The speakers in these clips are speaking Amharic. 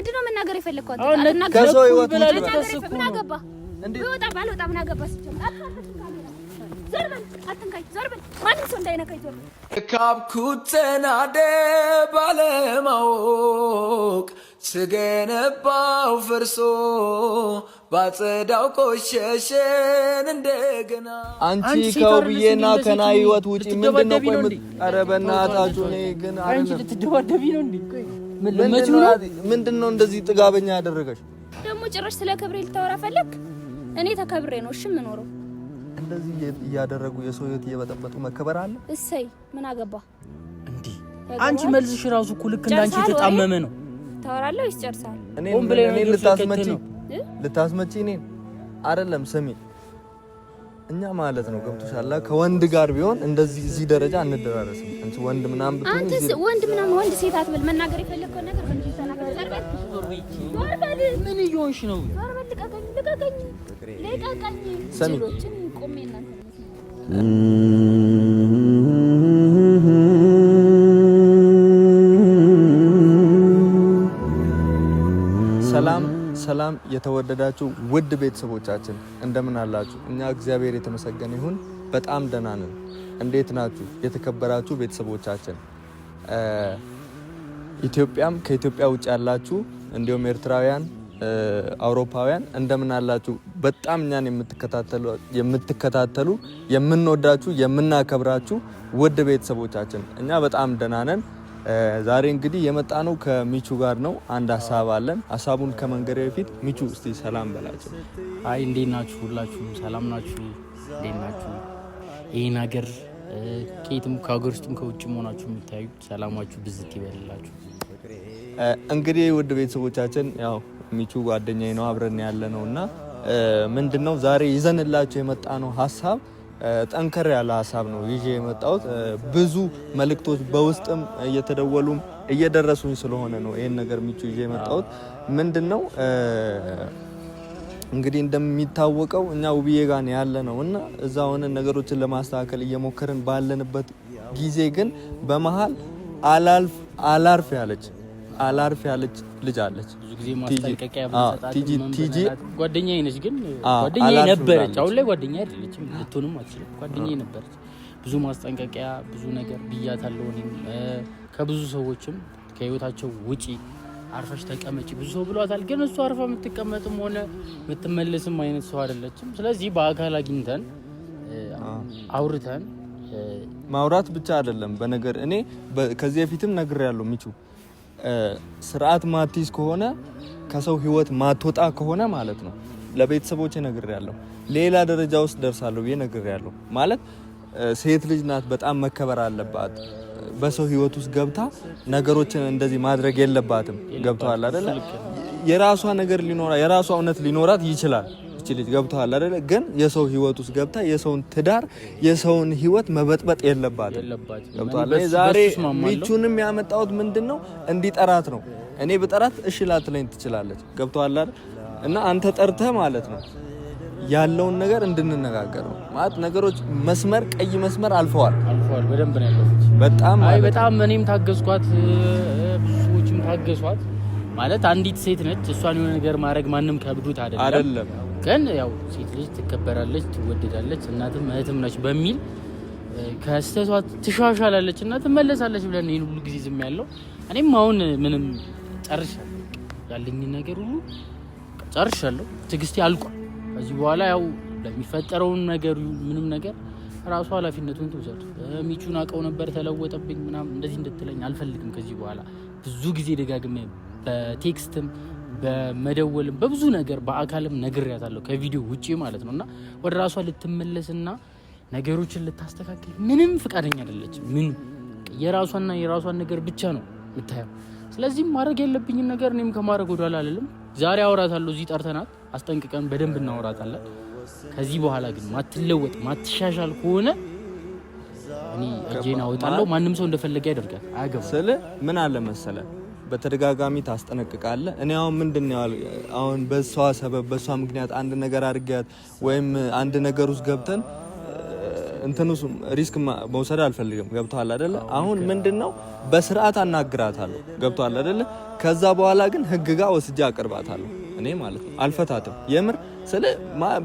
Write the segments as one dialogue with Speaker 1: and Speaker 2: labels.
Speaker 1: ምንድን ነው መናገር የፈለግከው? ከሰው ህይወት ምን አገባህ? ወጣ ባልወጣ
Speaker 2: ካብኩት ተናደ ባለማወቅ ስገነባው ፈርሶ ባጸዳው ቆሸሸን እንደገና። አንቺ ከውብዬና ከና ህይወት ውጪ ምንድን ነው? ቆይ ኧረ በእናታችሁ እኔ ግን አንቺ ልትደባደቢ ነው እንዴ? ምንድን ነው እንደዚህ ጥጋበኛ ያደረገሽ?
Speaker 1: ደግሞ ጭራሽ ስለ ክብሬ ልታወራ ፈለግ? እኔ ተከብሬ ነው እሺ የምኖረው።
Speaker 2: እንደዚህ እያደረጉ የሰው ሕይወት እየበጠበጡ መከበር አለ?
Speaker 1: እሰይ ምን አገባ
Speaker 2: እንዴ! አንቺ መልስሽ ራሱ እኮ ልክ እንዳንቺ የተጣመመ ነው።
Speaker 1: ታወራለህ ወይስ ጨርሳለህ?
Speaker 2: እኔ ልታስመጪ ልታስመጪ እኔን አይደለም ስሚ እኛ ማለት ነው ገብቶሻል። ከወንድ ጋር ቢሆን እንደዚህ እዚህ ደረጃ አንደራረስም። አንቺ ወንድ ምናምን
Speaker 1: ብትሆን አንተ ወንድ ምናምን ወንድ ሴት አትበል። መናገር የፈለግከው ነገር ወንድ ሴት ተናገር።
Speaker 2: ምን እየሆንሽ ነው?
Speaker 1: ልቀቀኝ፣ ልቀቀኝ፣ ልቀቀኝ።
Speaker 2: በጣም የተወደዳችሁ ውድ ቤተሰቦቻችን እንደምን አላችሁ? እኛ እግዚአብሔር የተመሰገነ ይሁን በጣም ደህና ነን። እንዴት ናችሁ? የተከበራችሁ ቤተሰቦቻችን ኢትዮጵያም ከኢትዮጵያ ውጭ ያላችሁ እንዲሁም ኤርትራውያን፣ አውሮፓውያን እንደምን አላችሁ? በጣም እኛን የምትከታተሉ የምንወዳችሁ፣ የምናከብራችሁ ውድ ቤተሰቦቻችን እኛ በጣም ደህና ነን። ዛሬ እንግዲህ የመጣ ነው ከሚቹ ጋር ነው። አንድ ሀሳብ አለን። ሀሳቡን ከመንገድ በፊት ሚቹ እስቲ ሰላም በላቸው። አይ እንዴት ናችሁ? ሁላችሁም ሰላም ናችሁ? እንዴት ናችሁ? ይህን ሀገር ከየትም ከሀገር ውስጥም ከውጭ መሆናችሁ የምታዩ ሰላማችሁ ብዝት ይበልላችሁ። እንግዲህ ውድ ቤተሰቦቻችን ያው ሚቹ ጓደኛዬ ነው አብረን ያለ ነው እና ምንድን ነው ዛሬ ይዘንላችሁ የመጣ ነው ሀሳብ ጠንከር ያለ ሀሳብ ነው ይዤ የመጣሁት። ብዙ መልእክቶች በውስጥም እየተደወሉም እየደረሱኝ ስለሆነ ነው ይህን ነገር ሚቹ ይዤ የመጣሁት ምንድን ነው እንግዲህ እንደሚታወቀው እኛ ውብዬ ጋር ያለ ነው እና እዛ ሆነ ነገሮችን ለማስተካከል እየሞከርን ባለንበት ጊዜ ግን በመሀል አላርፍ ያለች አላርፍ ያለች ልጅ አለች። ብዙ ጊዜ ቲጂ ጓደኛዬ ነች፣ ግን ጓደኛዬ ነበረች። አሁን ላይ ጓደኛ አይደለችም፣ ልትሆንም አትችልም። ጓደኛዬ ነበረች። ብዙ ማስጠንቀቂያ፣ ብዙ ነገር ብያታለሁ። እኔም ከብዙ ሰዎችም ከህይወታቸው ውጪ አርፈሽ ተቀመጪ ብዙ ሰው ብሏታል። ግን እሱ አርፋ የምትቀመጥም ሆነ የምትመለስም አይነት ሰው አይደለችም። ስለዚህ በአካል አግኝተን አውርተን ማውራት ብቻ አይደለም በነገር እኔ ከዚህ በፊትም ነግሬያለሁ ሚቹ ስርዓት ማቲስ ከሆነ ከሰው ህይወት ማትወጣ ከሆነ ማለት ነው ለቤተሰቦች ያለው ሌላ ደረጃ ውስጥ ደርሳለሁ ብዬ ያለው ማለት ሴት ልጅ ናት፣ በጣም መከበር አለባት። በሰው ህይወት ውስጥ ገብታ ነገሮችን እንደዚህ ማድረግ የለባትም። ገብተዋል አይደለ? የራሷ ነገር ሊኖራ የራሷ እውነት ሊኖራት ይችላል ልጅ ገብተዋል አይደለ? ግን የሰው ህይወት ውስጥ ገብታ የሰውን ትዳር የሰውን ህይወት መበጥበጥ የለባትም። ገብተዋል። ዛሬ ሚቹንም ያመጣሁት ምንድን ነው እንዲጠራት ነው። እኔ ብጠራት እሺ ላትለኝ ትችላለች። ገብተዋል አይደል? እና አንተ ጠርተህ ማለት ነው ያለውን ነገር እንድንነጋገር ነው ማለት ነገሮች መስመር ቀይ መስመር አልፈዋል አልፈዋል። በደንብ ነው ያለው። በጣም አይ በጣም እኔም ታገዝኳት፣ ብዙ ሰዎችም ታገዟት። ማለት አንዲት ሴት ነች። እሷን የሆነ ነገር ማድረግ ማንም ከብዱት አይደለም። ግን ያው ሴት ልጅ ትከበራለች፣ ትወደዳለች፣ እናትም እህትም ነች በሚል ከስተቷ ትሻሻላለች እና ትመለሳለች ብለን ይህን ሁሉ ጊዜ ዝም ያለው እኔም አሁን ምንም ጨርሻለሁ፣ ያለኝን ነገር ሁሉ ጨርሻለሁ። ትዕግስቴ አልቋል። ከዚህ በኋላ ያው ለሚፈጠረውን ነገር ምንም ነገር ራሱ ኃላፊነቱን ትውሰድ። ሚቹን አውቀው ነበር ተለወጠብኝ ምናምን እንደዚህ እንድትለኝ አልፈልግም። ከዚህ በኋላ ብዙ ጊዜ ደጋግሜ በቴክስትም በመደወልም በብዙ ነገር በአካልም ነግሬያታለሁ፣ ከቪዲዮ ውጪ ማለት ነው። እና ወደ ራሷ ልትመለስና ነገሮችን ልታስተካክል ምንም ፍቃደኛ አይደለችም። ምን የራሷና የራሷን ነገር ብቻ ነው የምታየው። ስለዚህ ማድረግ ያለብኝን ነገር እኔም ከማድረግ ወደኋላ አልልም። ዛሬ አውራታለሁ። እዚህ ጠርተናት አስጠንቅቀን በደንብ እናወራታለን። ከዚህ በኋላ ግን ማትለወጥ ማትሻሻል ከሆነ እኔ እጄን አወጣለሁ። ማንም ሰው እንደፈለገ ያደርጋል። አያገባም ስለ ምን አለ መሰለህ በተደጋጋሚ ታስጠነቅቃለ እኔ አሁን ምንድን ነው አሁን በሷ ሰበብ በሷ ምክንያት አንድ ነገር አድርጊያት ወይም አንድ ነገር ውስጥ ገብተን እንትኑ ሪስክ መውሰድ አልፈልግም። ገብቷል አደለ? አሁን ምንድን ነው በስርዓት አናግራታለሁ። ገብቷል አደለ? ከዛ በኋላ ግን ህግ ጋር ወስጄ አቅርባታለሁ። እኔ ማለት ነው አልፈታትም። የምር ስለ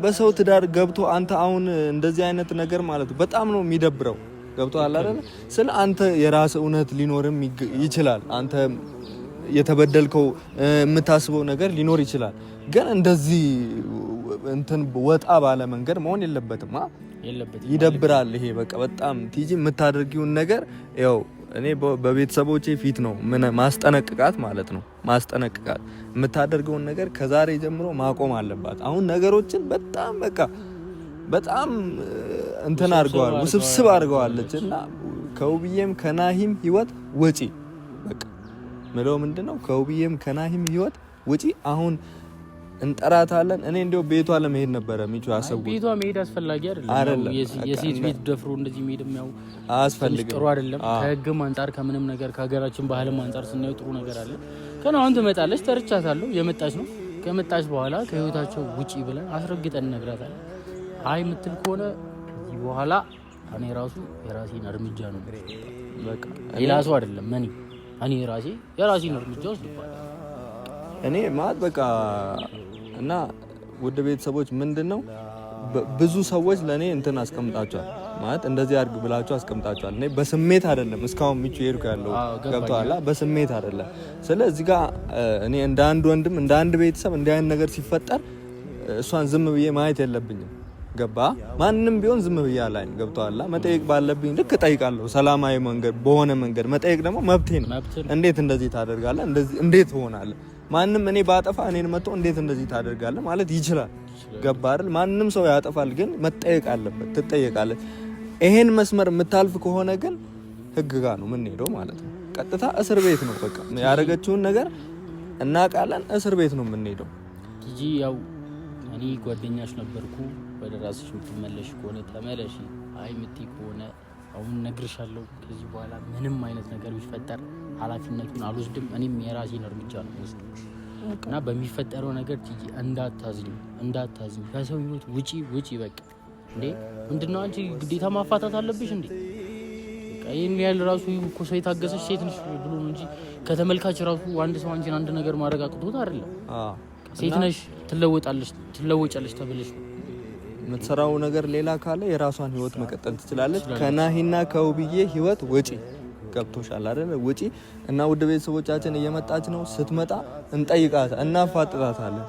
Speaker 2: በሰው ትዳር ገብቶ አንተ አሁን እንደዚህ አይነት ነገር ማለት ነው በጣም ነው የሚደብረው። ገብቷል አይደለ? ስለ አንተ የራስ እውነት ሊኖርም ይችላል አንተ የተበደልከው የምታስበው ነገር ሊኖር ይችላል። ግን እንደዚህ እንትን ወጣ ባለ መንገድ መሆን የለበትም። ይደብራል። ይሄ በቃ በጣም ቲጂ የምታደርጊውን ነገር ያው እኔ በቤተሰቦቼ ፊት ነው ምን ማስጠነቅቃት ማለት ነው። ማስጠነቅቃት የምታደርገውን ነገር ከዛሬ ጀምሮ ማቆም አለባት። አሁን ነገሮችን በጣም በቃ በጣም እንትን አድርገዋል፣ ውስብስብ አድርገዋለች እና ከውብዬም ከናሂም ህይወት ወጪ በቃ ምለው ምንድነው ከውብዬም ከናሂም ህይወት ውጪ አሁን እንጠራታለን። እኔ እንዲያው ቤቷ ለመሄድ ነበረ ሚቹ አሰቡ። ቤቷ መሄድ አስፈላጊ አይደለም። የሴት ቤት ደፍሮ እንደዚህ መሄድ ያው አስፈልግም፣ ጥሩ አይደለም። ከህግም አንጻር ከምንም ነገር ከሀገራችን ባህልም አንጻር ስናየው ጥሩ ነገር አለ። ከነ አሁን ትመጣለች፣ ተርቻታለሁ። የመጣች ነው። ከመጣች በኋላ ከህይወታቸው ውጪ ብለን አስረግጠን እነግራታለን። አይ የምትል ከሆነ በኋላ እኔ ራሱ የራሴን እርምጃ ነው። በቃ ሌላ ሰው አይደለም እኔ ራሴ የራሴን እርምጃ ወስድባለሁ። እኔ ማለት በቃ እና ውድ ቤተሰቦች ምንድን ነው ብዙ ሰዎች ለእኔ እንትን አስቀምጣቸዋል ማለት እንደዚህ አድርግ ብላችሁ አስቀምጣችኋል። እኔ በስሜት አይደለም እስካሁን ሚቹ ሄድኩ ያለው ገብቶሃል። በስሜት አይደለም። ስለዚህ ጋር እኔ እንደ አንድ ወንድም እንደ አንድ ቤተሰብ እንዲህ አይነት ነገር ሲፈጠር እሷን ዝም ብዬ ማየት የለብኝም። ገባ ማንም ቢሆን ዝም ብያ ላይ ገብተዋላ መጠየቅ ባለብኝ ልክ እጠይቃለሁ። ሰላማዊ መንገድ በሆነ መንገድ መጠየቅ ደግሞ መብቴ ነው። እንዴት እንደዚህ ታደርጋለ? እንዴት ሆናለ? ማንም እኔ ባጠፋ እኔን መጥቶ እንዴት እንደዚህ ታደርጋለ ማለት ይችላል። ገባ አይደል? ማንም ሰው ያጠፋል፣ ግን መጠየቅ አለበት። ትጠየቃለ። ይሄን መስመር የምታልፍ ከሆነ ግን ህግ ጋር ነው የምንሄደው ማለት ነው። ቀጥታ እስር ቤት ነው። በቃ ያደረገችውን ነገር እናውቃለን። እስር ቤት ነው የምንሄደው። ቲጂ ያው እኔ ጓደኛሽ ነበርኩ ወደ ራስሽ የምትመለሽ ከሆነ ተመለሽ። አይ የምትይ ከሆነ አሁን ነግርሻለሁ። ከዚህ በኋላ ምንም አይነት ነገር ቢፈጠር ኃላፊነቱን አልወስድም፣ እኔም የራሴን እርምጃ ነው ወስድ እና በሚፈጠረው ነገር ትይ እንዳታዝኝ፣ እንዳታዝኝ ከሰው ህይወት ውጪ፣ ውጪ በቃ። እንዴ ምንድነው አንቺ ግዴታ ማፋታት አለብሽ እንዴ? ይህን ያህል ራሱ እኮ ሰው የታገሰች ሴት ነች ብሎ እንጂ ከተመልካች ራሱ አንድ ሰው አንቺን አንድ ነገር ማረጋግጦት አይደለም። ሴት ነሽ፣ ትለወጣለሽ፣ ትለወጫለሽ ተብለሽ ነው የምትሰራው ነገር ሌላ ካለ የራሷን ህይወት መቀጠል ትችላለች። ከናሂና ከውብዬ ህይወት ወጪ ገብቶሻል አይደል? ውጪ እና ውድ ቤተሰቦቻችን እየመጣች ነው። ስትመጣ እንጠይቃት እናፋጥጣታለን፣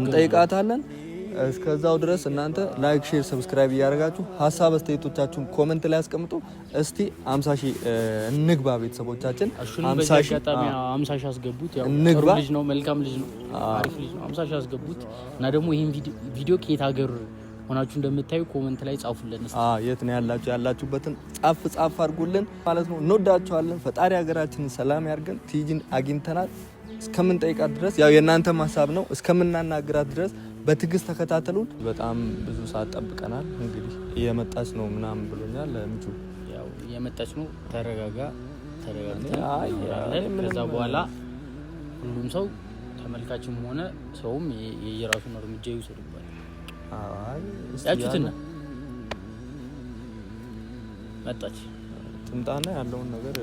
Speaker 2: እንጠይቃታለን። እስከዛው ድረስ እናንተ ላይክ፣ ሼር፣ ሰብስክራይብ እያደረጋችሁ ሀሳብ አስተያየቶቻችሁን ኮመንት ላይ አስቀምጡ። እስቲ አምሳ ሺህ እንግባ ቤተሰቦቻችን፣ 50 ሺህ አስገቡት። እንግባ። ልጅ ነው፣ መልካም ልጅ ነው፣ አሪፍ ልጅ ነው። 50 ሺህ አስገቡት እና ደግሞ ይህን ቪዲዮ ከየት ሀገር ሆናችሁ እንደምታዩ ኮመንት ላይ ጻፉልን። የት ነው ያላችሁ? ያላችሁበትን ጻፍ ጻፍ አድርጉልን ማለት ነው። እንወዳችኋለን። ፈጣሪ ሀገራችንን ሰላም ያርገን። ቲጂን አግኝተናል። እስከምንጠይቃት ድረስ ያው የእናንተም ሀሳብ ነው። እስከምናናግራት ድረስ በትዕግስት ተከታተሉን። በጣም ብዙ ሰዓት ጠብቀናል። እንግዲህ እየመጣች ነው ምናምን ብሎኛል። ያው እየመጣች ነው። ተረጋጋ፣ ተረጋግተን ከዛ በኋላ ሁሉም ሰው ተመልካችም ሆነ ሰውም የየራሱን እርምጃ ይውሰዱ። ያችሁትና መጣች ትምጣና ያለውን ነገር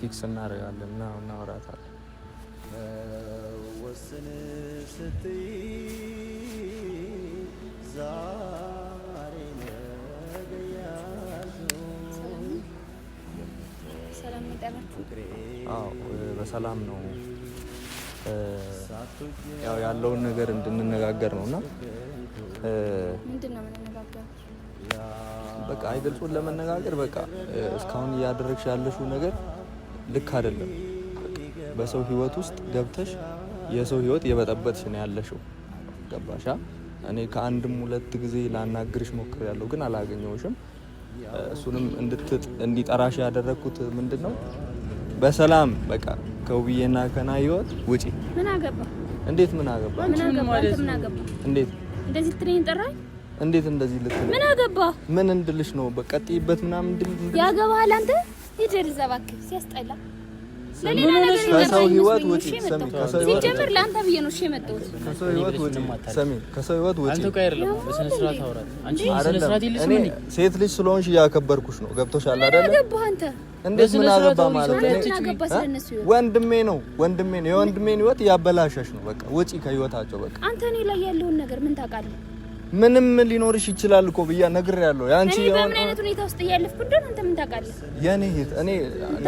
Speaker 2: ፊክስ እናደርጋለን እና እናወራታለን። በሰላም ነው ያው ያለውን ነገር እንድንነጋገር ነውና
Speaker 1: እና
Speaker 2: በቃ አይገልጹን ለመነጋገር በቃ እስካሁን እያደረግሽ ያለሽው ነገር ልክ አይደለም። በሰው ህይወት ውስጥ ገብተሽ የሰው ህይወት የበጠበጥሽ ነው ያለሽው። ገባሻ? እኔ ከአንድም ሁለት ጊዜ ላናግርሽ ሞክር ያለው ግን አላገኘውሽም እሱንም እንዲጠራሽ ያደረግኩት ምንድን ነው በሰላም በቃ ከውብዬና ከና ህይወት ውጪ። ምን አገባ? እንዴት ምን አገባ?
Speaker 1: ምን አገባ? ምን አገባ? እንዴት እንደዚህ ትሬን ጠራኝ?
Speaker 2: እንዴት እንደዚህ ልትለኝ? ምን አገባ? ምን እንድልሽ ነው? በቀጥይበት ምናምን እንድል
Speaker 1: ያገባሃል አንተ። ሂድ እዛ እባክህ፣ ሲያስጠላ
Speaker 2: ከሰው ህይወት ውጪ
Speaker 1: ሲጀምር ለአንተ ብዬ ነው የመጣሁት።
Speaker 2: ከሰው ህይወት ውጪ ሰሚ፣ ከሰው ህይወት ውጪ አይደለም። ሴት ልጅ ስለሆንሽ እያከበርኩሽ ነው። ገብቶሻል አይደል? እንዴት ምን አገባ ማለት ወንድሜ ነው ወንድሜ ነው። የወንድሜን ህይወት እያበላሸሽ ነው። በቃ ውጪ ከህይወታቸው። በቃ
Speaker 1: አንተ እኔ ላይ ያለውን ነገር ምን ታውቃለህ?
Speaker 2: ምንም ሊኖርሽ ይችላል እኮ ብያ ነግር ያለው
Speaker 1: ያንቺ ምን አይነት ሁኔታ ውስጥ እያለፍኩ እንደሆነ አንተ ምን ታውቃለህ?
Speaker 2: የኔ እህት እኔ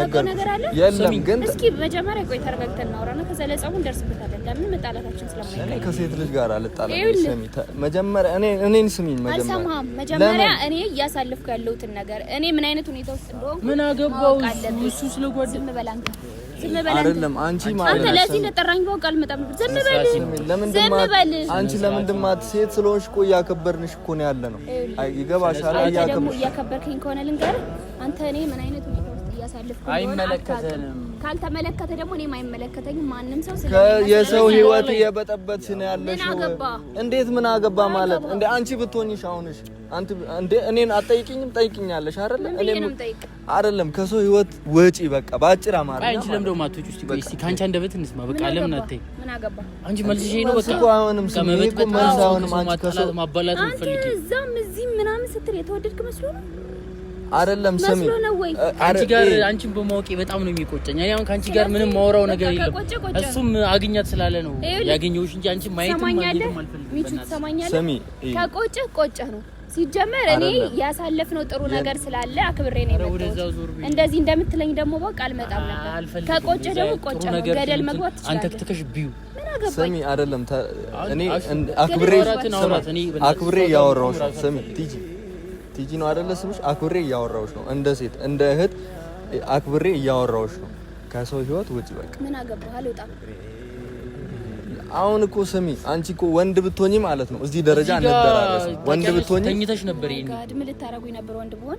Speaker 1: ነገር አለ የለም። ግን እስኪ መጀመሪያ ቆይ ተረጋግተን እናውራና ከዛ ለጸቡ እንደርስበታለን። ለምን
Speaker 2: መጣላታችን ስለማይቀር እኔ ከሴት ልጅ ጋር አልጣላም። ስሚ መጀመሪያ እኔ እኔን ስሚኝ።
Speaker 1: መጀመሪያ መጀመሪያ እኔ እያሳለፍኩ ያለሁትን ነገር እኔ ምን አይነት ሁኔታ ውስጥ
Speaker 2: እንደሆነ ምን አገባው እሱ
Speaker 1: ስለጓደኝ ምን በላንተ
Speaker 2: አይደለም አንቺ ማለት አንተ ለዚህ ነበር። በል በል አንቺ ለምን ሴት ስለሆንሽ እኮ እያከበርንሽ እኮ ነው ያለ ነው። ይገባሻል?
Speaker 1: እያከበርከኝ ከሆነ ልንገርህ አንተ እኔ ምን አይነት እያሳለፍኩ
Speaker 2: አይመለከተንም።
Speaker 1: ካልተመለከተ ደግሞ እኔም አይመለከተኝም። ማንም ሰው
Speaker 2: የሰው ህይወት እየበጠበትሽ ነው ያለሽ። እንዴት ምን አገባ ማለት እንደ አንቺ ብትሆኝሽ አሁንሽ እንደ እኔን አትጠይቂኝም? ጠይቂኛለሽ አይደለም? እኔም አይደለም ከሰው ህይወት ወጪ በቃ ባጭር አማራ። አንቺ ለምን ማቶች ውስጥ ይቆይ እስቲ ካንቺ አንደበት እንስማ። በቃ ለምን አትይ? ምን አገባ አንቺ መልስ ነው በቃ አይሆንም። አሁንም መልስ አይሆንም። አንቺ ከሰው ማባላት
Speaker 1: ፈልጊ እዛም እዚህ ምናምን ስትል የተወደድክ መስሎ ነው
Speaker 2: አይደለም። ስሚ አንቺ ጋር አንቺን በማወቄ በጣም ነው የሚቆጨኝ። እኔ አሁን ከአንቺ ጋር ምንም ማውራው ነገር የለም። እሱም አግኛት ስላለ ነው ያገኘሁሽ እንጂ አንቺን
Speaker 1: ማየትም ማግኘትም አልፈልግም። ከቆጨ ቆጨ ነው ሲጀመር እኔ ያሳለፍነው ጥሩ ነገር ስላለ አክብሬ ነው
Speaker 2: የመጣሁት።
Speaker 1: እንደዚህ እንደምትለኝ ደግሞ በቃ አልመጣም ነበር። ከቆጨ ደግሞ ቆጨ ነው፣ ገደል መግባት
Speaker 2: ትችላለህ። አንተ ትከሽ ቢዩ ስሚ፣ አይደለም እኔ አክብሬ አክብሬ ያወራሁሽ ስሚ ቲጂ ቲጂ ነው አይደለ ስምሽ? አክብሬ እያወራሁሽ ነው። እንደ ሴት እንደ እህት አክብሬ እያወራሁሽ ነው። ከሰው ህይወት ውጪ በቃ
Speaker 1: ምን አገባህ? አልወጣም።
Speaker 2: አሁን እኮ ስሚ፣ አንቺ እኮ ወንድ ብትሆኚ ማለት ነው እዚህ ደረጃ እንደደረሰ ወንድ ብትሆኚ
Speaker 1: ተኝተሽ ነበር። ይሄን ምን ልታረጉኝ ነበር? ወንድ ብሆን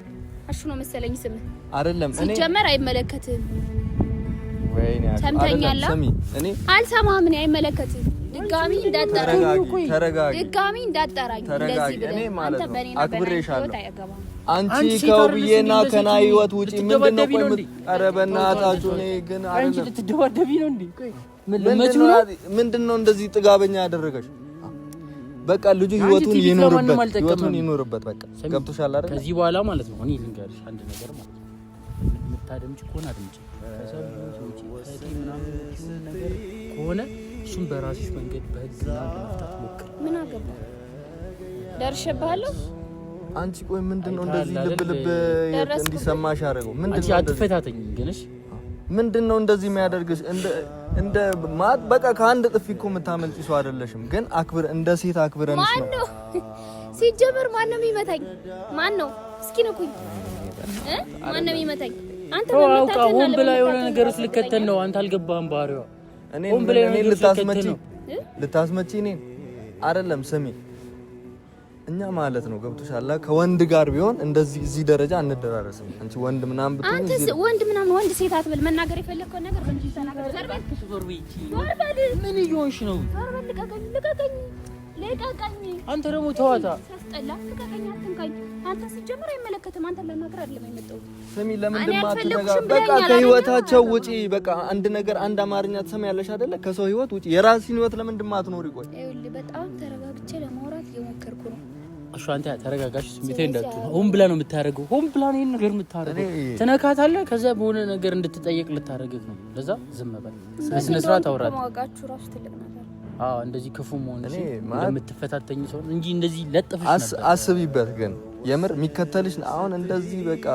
Speaker 1: አሹ ነው መሰለኝ ስምህ። አይደለም እኔ ሲጀመር አይመለከትህም። ወይኔ ሰምተኛል። እኔ አልሰማህም። እኔ አይመለከትህም። ድጋሚ እንዳጠራኝ ተረጋጊ። ድጋሚ እንዳጠራኝ
Speaker 2: እንደዚህ ብለህ እኔ ማለት ነው አክብሬሻለሁ። አንቺ ከውብዬና ከና ህይወት ውጪ ምንድን ነው ቆይ? ኧረ በእናታችሁ እኔ ግን አይደለም። አንቺ ልትደባደቢ ነው እንዴ? ምንድን ነው እንደዚህ ጥጋበኛ ያደረገሽ? በቃ ልጁ ህይወቱን ይኖርበት ህይወቱን ይኖርበት። በቃ ገብቶሻል አይደል? ከዚህ በኋላ ማለት ነው እኔ ልንገርሽ አንድ ነገር ማለት ነው የምታደምጪ ከሆነ አድምጪ፣ ነገር ከሆነ እሱም በራስሽ መንገድ በህግና
Speaker 1: ለመፍታት ሞክር። ምን አገባ ደርሼብሃለሁ።
Speaker 2: አንቺ ቆይ ምንድን ነው እንደዚህ ልብ ልብ እንዲሰማሽ ያደረገው ምንድን ነው? አትፈታተኝ ግንሽ ምንድን ነው እንደዚህ የሚያደርግሽ? እንደ ማት በቃ ከአንድ ጥፊ እኮ የምታመልጭ ሰው አይደለሽም። ግን አክብር እንደ ሴት አክብረንሽ
Speaker 1: ነው። ሲጀመር ማን ነው የሚመታኝ? ማን ነው እስኪ ንኩኝ። ማን ነው የሚመታኝ? አንተ
Speaker 2: ሆን ብላ የሆነ ነገር ውስጥ ልከተል ነው። አንተ አልገባህም። ባህሪዋ እኔ ብላ የሆነ ነገር ልታስመጪ ልታስመጪ እኔን አይደለም ስሚ እኛ ማለት ነው ገብቶሻል። ከወንድ ጋር ቢሆን እንደዚህ እዚህ ደረጃ አንደራረስም። አንቺ ወንድ ምናምን
Speaker 1: ብትሆን አንተስ ወንድ ምናምን ወንድ ሴት አትበል። መናገር የፈለግከውን ነገር በእንጂ ተናገር።
Speaker 2: ምን እየሆንሽ ነው?
Speaker 1: ልቀቀኝ!
Speaker 2: አንተ ደግሞ ተዋታ።
Speaker 1: አንተ ሲጀምር ስሚ፣
Speaker 2: በቃ ከህይወታቸው ውጪ። በቃ አንድ ነገር አንድ አማርኛ ትሰሚያለሽ አይደለ? ከሰው ህይወት ውጪ የራስን ህይወት ለምንድን ማትኖሪ? ቆይ
Speaker 1: ይኸውልህ፣ በጣም ተረጋግቼ ለማውራት እየሞከርኩ ነው።
Speaker 2: እሺ፣ አንተ ተረጋጋሽ። ስሜቴ እንዳትሉ። ሆን ብላ ነው የምታደርገው። ሆን ብላ ነው ይሄን ነገር የምታደርገው። ትነካታለህ፣ ከዛ በሆነ ነገር እንድትጠየቅ ልታደርግህ ነው። ለዛ ዝም በል፣
Speaker 1: በስነ ስርዓት አውራት። ማወቃችሁ ራሱ ትልቅ ነገር
Speaker 2: እንደዚህ ክፉ መሆን የምትፈታተኝ ሰው እንጂ እንደዚህ ለጥፍሽ አስቢበት። ግን የምር የሚከተልሽ አሁን እንደዚህ በቃ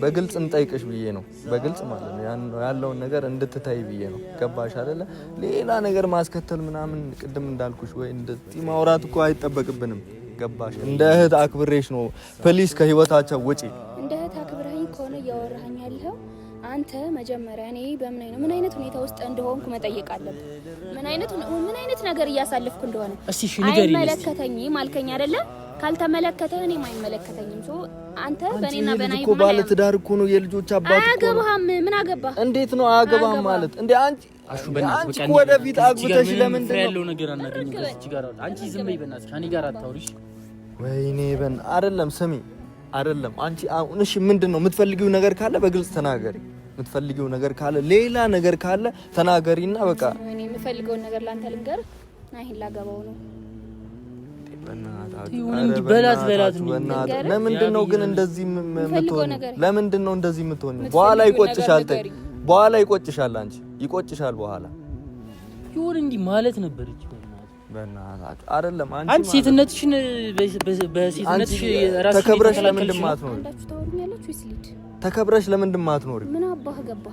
Speaker 2: በግልጽ እንጠይቅሽ ብዬ ነው። በግልጽ ማለት ነው ያለውን ነገር እንድትታይ ብዬ ነው። ገባሽ አይደለ? ሌላ ነገር ማስከተል ምናምን ቅድም እንዳልኩሽ ወይ እንደዚህ ማውራት እኮ አይጠበቅብንም። ገባሽ? እንደ እህት አክብሬሽ ነው። ፕሊስ ከህይወታቸው ውጪ
Speaker 1: እንደ እህት አክብረኝ ከሆነ እያወራኸኝ ያለው አንተ መጀመሪያ እኔ በምን አይነት ምን አይነት ሁኔታ ውስጥ እንደሆንኩ መጠየቅ አለብህ። ምን አይነት ምን አይነት ነገር እያሳለፍኩ እንደሆነ
Speaker 2: እስቲ እሺ ንገሪኝ።
Speaker 1: አይመለከተኝም አልከኝ አይደለ? ካልተመለከተ እኔም አይመለከተኝም። ሶ አንተ
Speaker 2: በእኔና በናይ እኮ ባለ ትዳር እኮ ነው፣ የልጆች
Speaker 1: አባት። አያገባህም። ምን አገባህ?
Speaker 2: እንዴት ነው አያገባህም ማለት እንዴ? አንቺ አሹ በእናትሽ በቃ ወደፊት አግብተሽ ለምንድን ነው ያለው ነገር አናገኝ። እዚህ ጋር አንቺ ዝም በይ በእናትሽ፣ ከእኔ ጋር አታውሪሽ። ወይኔ በእናትሽ አይደለም፣ ስሚ አይደለም አንቺ አሁን እሺ፣ ምንድን ነው የምትፈልጊው ነገር ካለ በግልጽ ተናገሪ። የምትፈልጊው ነገር ካለ ሌላ ነገር ካለ ተናገሪና
Speaker 1: በቃ እኔ ነገር ላንተ
Speaker 2: ለምንድን ነው ግን እንደዚህ ለምንድን ነው እንደዚህ በኋላ ይቆጭሻል፣ በኋላ ይቆጭሻል፣ አንቺ ይቆጭሻል በኋላ ይሁን እንዲህ ማለት ነበር። በእናትህ አይደለም አንቺ ሴትነትሽን በሴትነትሽ ተከብረሽ ለምንድን ማለት ነው ተከብረሽ ለምንድን ማትኖሪ?
Speaker 1: ምን አባህ ገባ?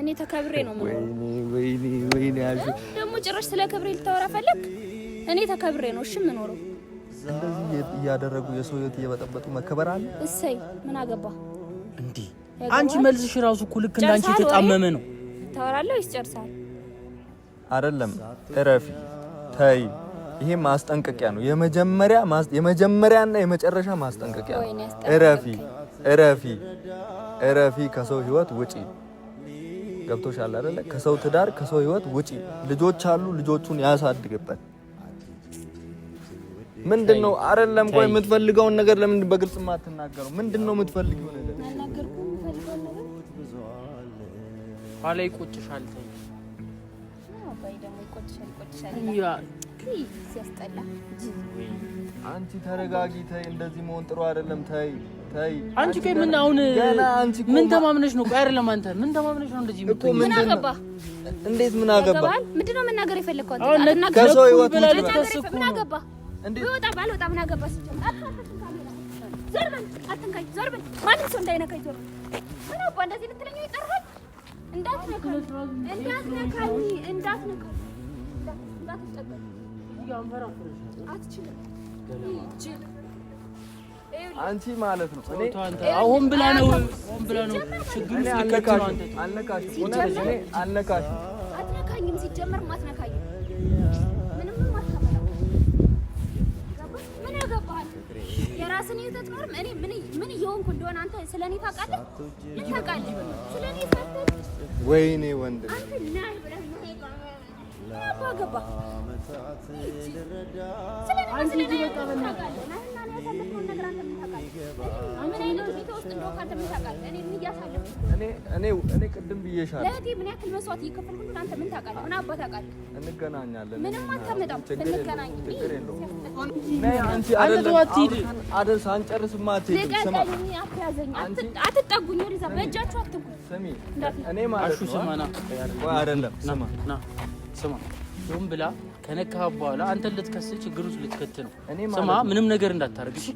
Speaker 1: እኔ ተከብሬ ነው
Speaker 2: የምኖረው። ወይኔ ወይኔ ያልሽ
Speaker 1: ደግሞ ጭራሽ ስለ ክብሬ ልታወራ ፈለግ? እኔ ተከብሬ ነው እሺ የምኖረው።
Speaker 2: እንደዚህ እያደረጉ የሰው ህይወት እየበጠበጡ መከበር አለ?
Speaker 1: እሰይ ምን አገባ
Speaker 2: እንዴ? አንቺ መልስሽ ራሱ እኮ ልክ እንዳንቺ የተጣመመ ነው።
Speaker 1: ታወራለህ ወይስ ጨርሳል?
Speaker 2: አይደለም እረፊ፣ ተይ። ይሄ ማስጠንቀቂያ ነው፣ የመጀመሪያ የመጀመሪያና የመጨረሻ ማስጠንቀቂያ ነው። እረፊ እረፊ እረፊ፣ ከሰው ህይወት ውጪ። ገብቶሻል አይደለ? ከሰው ትዳር፣ ከሰው ህይወት ውጪ። ልጆች አሉ፣ ልጆቹን ያሳድግበት። ምንድን ነው አይደለም? ቆይ የምትፈልገውን ነገር ለምን በግልጽ የማትናገረው ምንድን ነው የምትፈልጊው ነገር? ኋላ ይቆጭሻል። አንቺ ተረጋጊ። ተይ እንደዚህ መሆን ጥሩ አይደለም። ተይ አንቺ ቆይ ምን አሁን ምን ተማምነሽ ነው? ቆይ አይደለም፣ አንተ ምን ተማምነሽ ነው እንደዚህ
Speaker 1: የምትሆኝ? ምን አገባ?
Speaker 2: እንዴት ምን አገባ?
Speaker 1: ምንድን ነው መናገር የፈለግከው?
Speaker 2: ከሰው ህይወት ምን
Speaker 1: አገባ? ወጣ ባልወጣ ምን አገባ? ዞር በል፣ አትንካኝ፣ ዞር በል፣ ማንም ሰው እንዳይነካኝ ዞር በል። ምን አባ እንደዚህ ልትለኝ ይጠራል? እንዳትነካኝ፣ እንዳትነካኝ፣ እንዳትነካኝ፣
Speaker 2: አትችልም አንቺ ማለት ነው አሁን ብላ ነው አሁን ብላ ነው ችግሩ አትነካኝም።
Speaker 1: ሲጀመር አትነካኝም። ምንም ምን ያገባሃል? የራስን ህይወት ትኖርም። እኔ ምን እየሆንኩ እንደሆነ አንተ ስለ እኔ ታውቃለህ። ስለ እኔ
Speaker 2: ወይኔ ወንድ
Speaker 1: አባ ገባ እኔ
Speaker 2: ቅድም ብዬሻለሁ።
Speaker 1: ለእህቴ ምን ያክል መስዋዕት እየከፈልኩ እንደሆነ አንተ ምን ታውቃለህ? ምን አባህ ታውቃለህ?
Speaker 2: እንገናኛለን።
Speaker 1: ምንም አታመጣም። እንገናኝ።
Speaker 2: አይደል ሳንጨርስማ
Speaker 1: አትሄጂም። ስማ፣ አትያዘኝ፣ አትጠጉኝ፣ ወደዛ በእጃችሁ አትጉኝ።
Speaker 2: ስሚ፣ እኔ ማለት ነው አይደለም። ስማ፣ ስማ ሆን ብላ ከነካህ በኋላ አንተን ልትከስ ችግር ውስጥ ልትከት ነው። ስማ፣ ምንም ነገር እንዳታረግ እሺ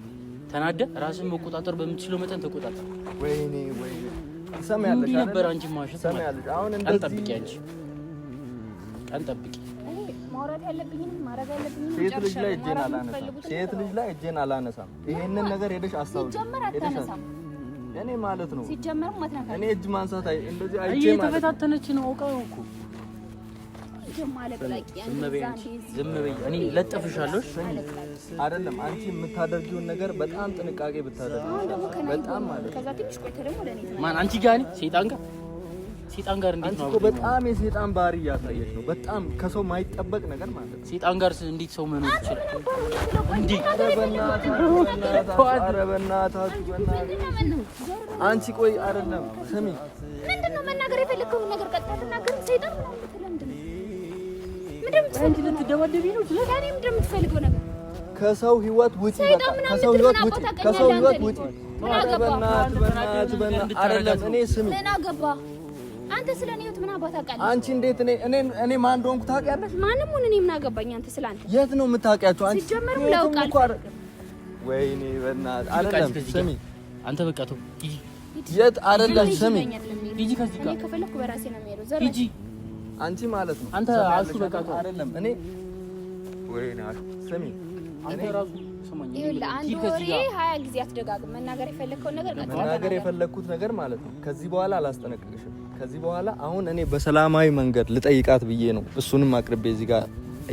Speaker 2: ተናደ ራስን መቆጣጠር በምትችለው መጠን ተቆጣጠር። ወይኔ ወይኔ ትሰማያለሽ ነበር አንቺ ማሽን ትሰማያለሽ። አሁን ቀን ጠብቂ፣ አንቺ ቀን ጠብቂ። ሴት ልጅ ላይ እጄን አላነሳም፣ ሴት ልጅ ላይ እጄን አላነሳም። ይሄንን ነገር ሄደሽ አስታውቂ። እኔ ማለት ነው እኔ እጅ ማንሳት አይ እንደዚህ አይቼ ማለት ነው። እየተፈታተነች ነው እውቀው እኮ ዝም በይ። እኔ ለጥፍሻለሁ አይደለም። አንቺ የምታደርጊውን ነገር በጣም ጥንቃቄ ብታደርጊ
Speaker 1: በጣም ማለት
Speaker 2: ማን አንቺ ጋር ሴጣን ጋር ሴጣን ጋር እንዴት ነው? በጣም የሴጣን ባህሪ እያሳየች ነው። በጣም ከሰው ማይጠበቅ ነገር ማለት ነው። ሴጣን ጋር እንዴት ሰው መኖር ይችላል? ኧረ በእናታችሁ አንቺ ቆይ፣ አይደለም ስሚ፣
Speaker 1: ምንድን ነው መናገር የፈለግከውን ነገር ቀጥታ ተናገር። ሴጣን
Speaker 2: ከሰው ህይወት ውጪ፣
Speaker 1: ከሰው ህይወት ውጪ፣ ከሰው ህይወት ውጪ። እኔ ስሚ፣ ምን አንተ ስለ ህይወት ምን አባታ
Speaker 2: ታውቃለህ? አንቺ እንዴት እኔ እኔ እኔ ማን
Speaker 1: ማንም እኔ ምን አገባኝ? አንተ
Speaker 2: የት ነው የምታውቂያቸው?
Speaker 1: አንቺ ለውቃል።
Speaker 2: ስሚ አንተ በቃ ተው፣ የት አይደለም። ስሚ
Speaker 1: ሂጂ፣ ከዚህ ጋር እኔ ከፈለኩ በራሴ ነው
Speaker 2: ሂጂ አንቺ ማለት ነው አንተ አሱ በቃ አይደለም። እኔ ወይ ናል ስሚ፣
Speaker 1: አንተ ራሱ ስማኝ። አንድ ሀያ ጊዜ አትደጋግም። መናገር የፈለግከው ነገር
Speaker 2: መናገር የፈለግኩት ነገር ማለት ነው። ከዚህ በኋላ አላስጠነቅቅሽም። ከዚህ በኋላ አሁን እኔ በሰላማዊ መንገድ ልጠይቃት ብዬ ነው። እሱንም አቅርቤ እዚህ ጋር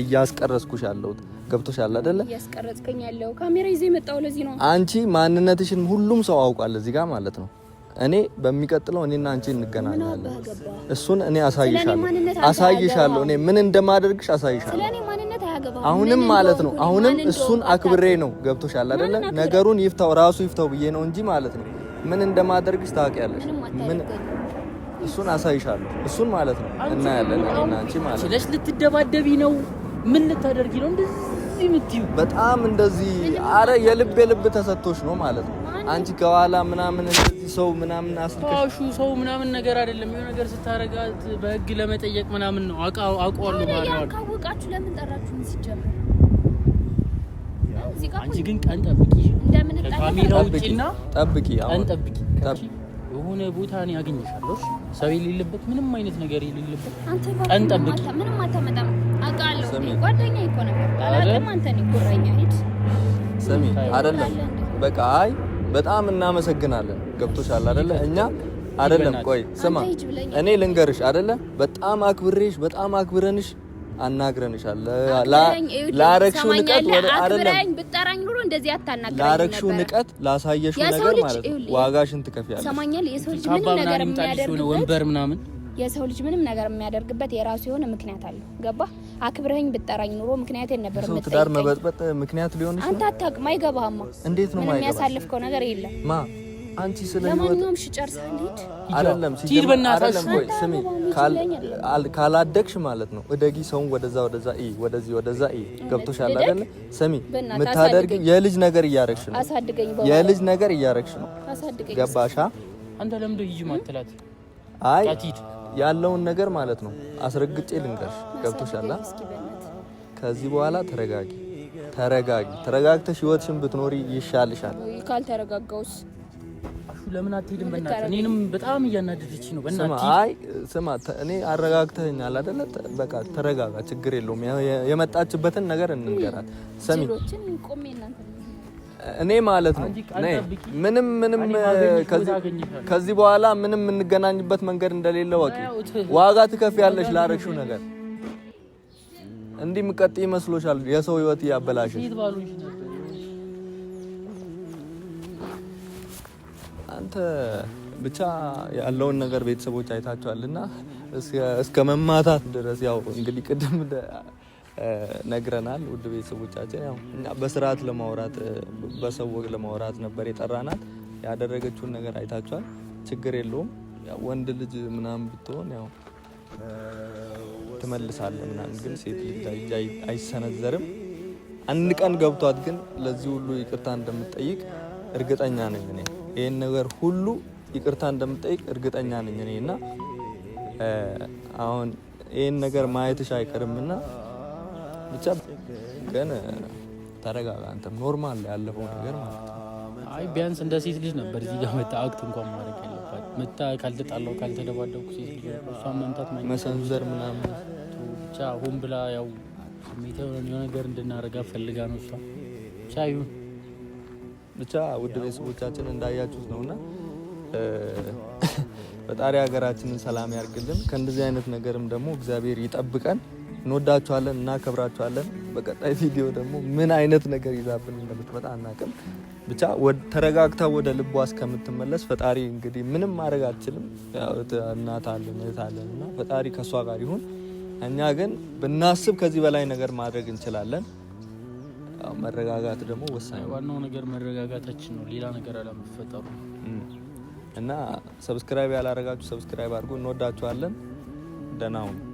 Speaker 2: እያስቀረጽኩሽ ያለሁት ገብቶሻል አይደለ?
Speaker 1: እያስቀረጽከኝ ያለው ካሜራ ይዘህ የመጣው ለዚህ
Speaker 2: ነው። አንቺ ማንነትሽን ሁሉም ሰው አውቋል እዚህ ጋር ማለት ነው። እኔ በሚቀጥለው እኔና አንቺ
Speaker 1: እንገናኛለን። እሱን እኔ አሳይሻለሁ
Speaker 2: አሳይሻለሁ እኔ ምን እንደማደርግሽ አሳይሻለሁ። አሁንም ማለት ነው አሁንም እሱን አክብሬ ነው ገብቶሻል አይደለ? ነገሩን ይፍታው ራሱ ይፍታው ብዬ ነው እንጂ ማለት ነው ምን እንደማደርግሽ ታውቂያለሽ። ምን እሱን አሳይሻለሁ። እሱን ማለት ነው እናያለን እኔና አንቺ ማለት ነው። ልትደባደቢ ነው? ምን ልታደርጊ ነው እንደዚህ የምትይው? በጣም እንደዚህ አረ የልብ የልብ ተሰጥቶሽ ነው ማለት ነው አንቺ ከኋላ ምናምን እንደዚህ ሰው ምናምን አስልከሽ ሰው ምናምን ነገር አይደለም። የሆነ ነገር ስታረጋት በህግ ለመጠየቅ ምናምን ነው። አውቃው አውቀዋለሁ
Speaker 1: ማለት ነው። ካወቃችሁ ለምን ጠራችሁ? ሲጀምር
Speaker 2: አንቺ ግን ቀን ጠብቂ፣ ከካሜራ ውጪና ጠብቂ፣ ቀን ጠብቂ። የሆነ ቦታ ነው ያገኘሻለሁ፣ ሰው የሌለበት ምንም አይነት ነገር የሌለበት
Speaker 1: ቀን ጠብቂ። ምንም አታመጣም፣ አውቃለሁ። ጓደኛዬ ይኮ ነበር አላለም። አንተን ይጎራኛ ሂድ።
Speaker 2: ስሚ አይደለም በቃ አይ በጣም እናመሰግናለን። ገብቶሻል አይደለ? እኛ አይደለም ቆይ ስማ፣ እኔ ልንገርሽ አይደለ? በጣም አክብሬሽ በጣም አክብረንሽ አናግረንሻል ላረግሽው ንቀት
Speaker 1: አይደለም ብጠራኝ ኑሮ እንደዚህ አታናግረኝ
Speaker 2: ላረግሽው ንቀት ላሳየሽው ነገር ማለት ነው ዋጋሽን ትከፍያለሽ።
Speaker 1: ሰማኛል የሰው ልጅ
Speaker 2: ምንም ነገር የሚያደርግ ወንበር ምናምን የሰው ልጅ ምንም ነገር የሚያደርግበት የራሱ የሆነ ምክንያት አለው። ገባ አክብረኝ ብጠራኝ ኑሮ ምክንያት የነበረ የምትጠይቀኝ። ትዳር መበጥበጥ ምክንያት ሊሆን አንተ አታውቅም፣ አይገባማ። እንዴት ነው የሚያሳልፍከው ነገር የለም ማ አንቺ ስለ ለማንኛውም ሽጨርሳ አይደለም ሲል ሲጀምር ወይ ስሚ፣ ካላደግሽ ማለት ነው እደጊ። ሰውን ወደዛ ወደዛ ኢ ወደዚህ ወደዛ ኢ ገብቶሻል አይደል? ስሚ፣ የምታደርጊ የልጅ ነገር እያረግሽ ነው። አሳድገኝ፣ የልጅ ነገር እያረግሽ ነው። አሳድገኝ ገባሻ? አንተ ለምዶ ይጅ ማትላት አይ ያለውን ነገር ማለት ነው አስረግጬ ልንገርሽ። ገብቶሻል። ከዚህ በኋላ ተረጋጊ፣ ተረጋጊ። ተረጋግተሽ ህይወትሽን ብትኖሪ ይሻልሻል። ካልተረጋጋውስ ለምን አትሄድም? በእናትህ እኔንም በጣም እያናደደች ነው። በእናትህ አይ ስማ፣ እኔ አረጋግተኛል አይደለ? በቃ ተረጋጋ፣ ችግር የለውም። የመጣችበትን ነገር እንንገራት። ሰሚ ቆሜ እናንተ እኔ ማለት ነው። ምንም ምንም ከዚህ በኋላ ምንም የምንገናኝበት መንገድ እንደሌለ ወቂ ዋጋ ትከፍያለሽ ላረግሽው ነገር። እንዲህ ምቀጥ ይመስሎሻል? የሰው ህይወት እያበላሽ አንተ ብቻ ያለውን ነገር ቤተሰቦች አይታቸዋልና እስከ መማታት ድረስ ያው እንግዲህ ቅድም ነግረናል። ውድ ቤተሰቦቻችን ያው እኛ በስርዓት ለማውራት በሰው ወግ ለማውራት ነበር የጠራናት። ያደረገችውን ነገር አይታችኋል። ችግር የለውም ወንድ ልጅ ምናምን ብትሆን ያው ትመልሳለ ምናምን፣ ግን ሴት ልጅ አይሰነዘርም። አንድ ቀን ገብቷት ግን ለዚህ ሁሉ ይቅርታ እንደምትጠይቅ እርግጠኛ ነኝ እኔ ይህን ነገር ሁሉ ይቅርታ እንደምጠይቅ እርግጠኛ ነኝ እኔ እና አሁን ይህን ነገር ማየትሽ አይቀርምና ብቻ ግን ተረጋጋ። አንተም ኖርማል ያለፈው ነገር ማለት አይ ቢያንስ እንደ ሴት ልጅ ነበር እዚህ ጋር መጣ አክት እንኳን ማድረግ ያለባት መጣ ካልተጣላው ካልተደባደብኩ ሴት ልጅ እሷን መምታት መሰንዘር ምናምን ብቻ ሆን ብላ ያው ስሜት የሆነ ነገር እንድናረጋ ፈልጋ ነው እሷ ብቻ ይሁን ብቻ። ውድ ቤተሰቦቻችን እንዳያችሁት ነው እና ፈጣሪ ሀገራችንን ሰላም ያርግልን። ከእንደዚህ አይነት ነገርም ደግሞ እግዚአብሔር ይጠብቀን። እንወዳችኋለን፣ እናከብራችኋለን። በቀጣይ ቪዲዮ ደግሞ ምን አይነት ነገር ይዛብን እንደምትመጣ አናቅም። ብቻ ተረጋግታ ወደ ልቧ እስከምትመለስ ፈጣሪ እንግዲህ ምንም ማድረግ አልችልም። እናት አለን እህት አለን እና ፈጣሪ ከእሷ ጋር ይሁን። እኛ ግን ብናስብ ከዚህ በላይ ነገር ማድረግ እንችላለን። መረጋጋት ደግሞ ወሳኝ፣ ዋናው ነገር መረጋጋታችን ነው። ሌላ ነገር አለመፈጠሩ እና ሰብስክራይብ ያላረጋችሁ ሰብስክራይብ አድርጎ እንወዳችኋለን። ደህና ሁኑ።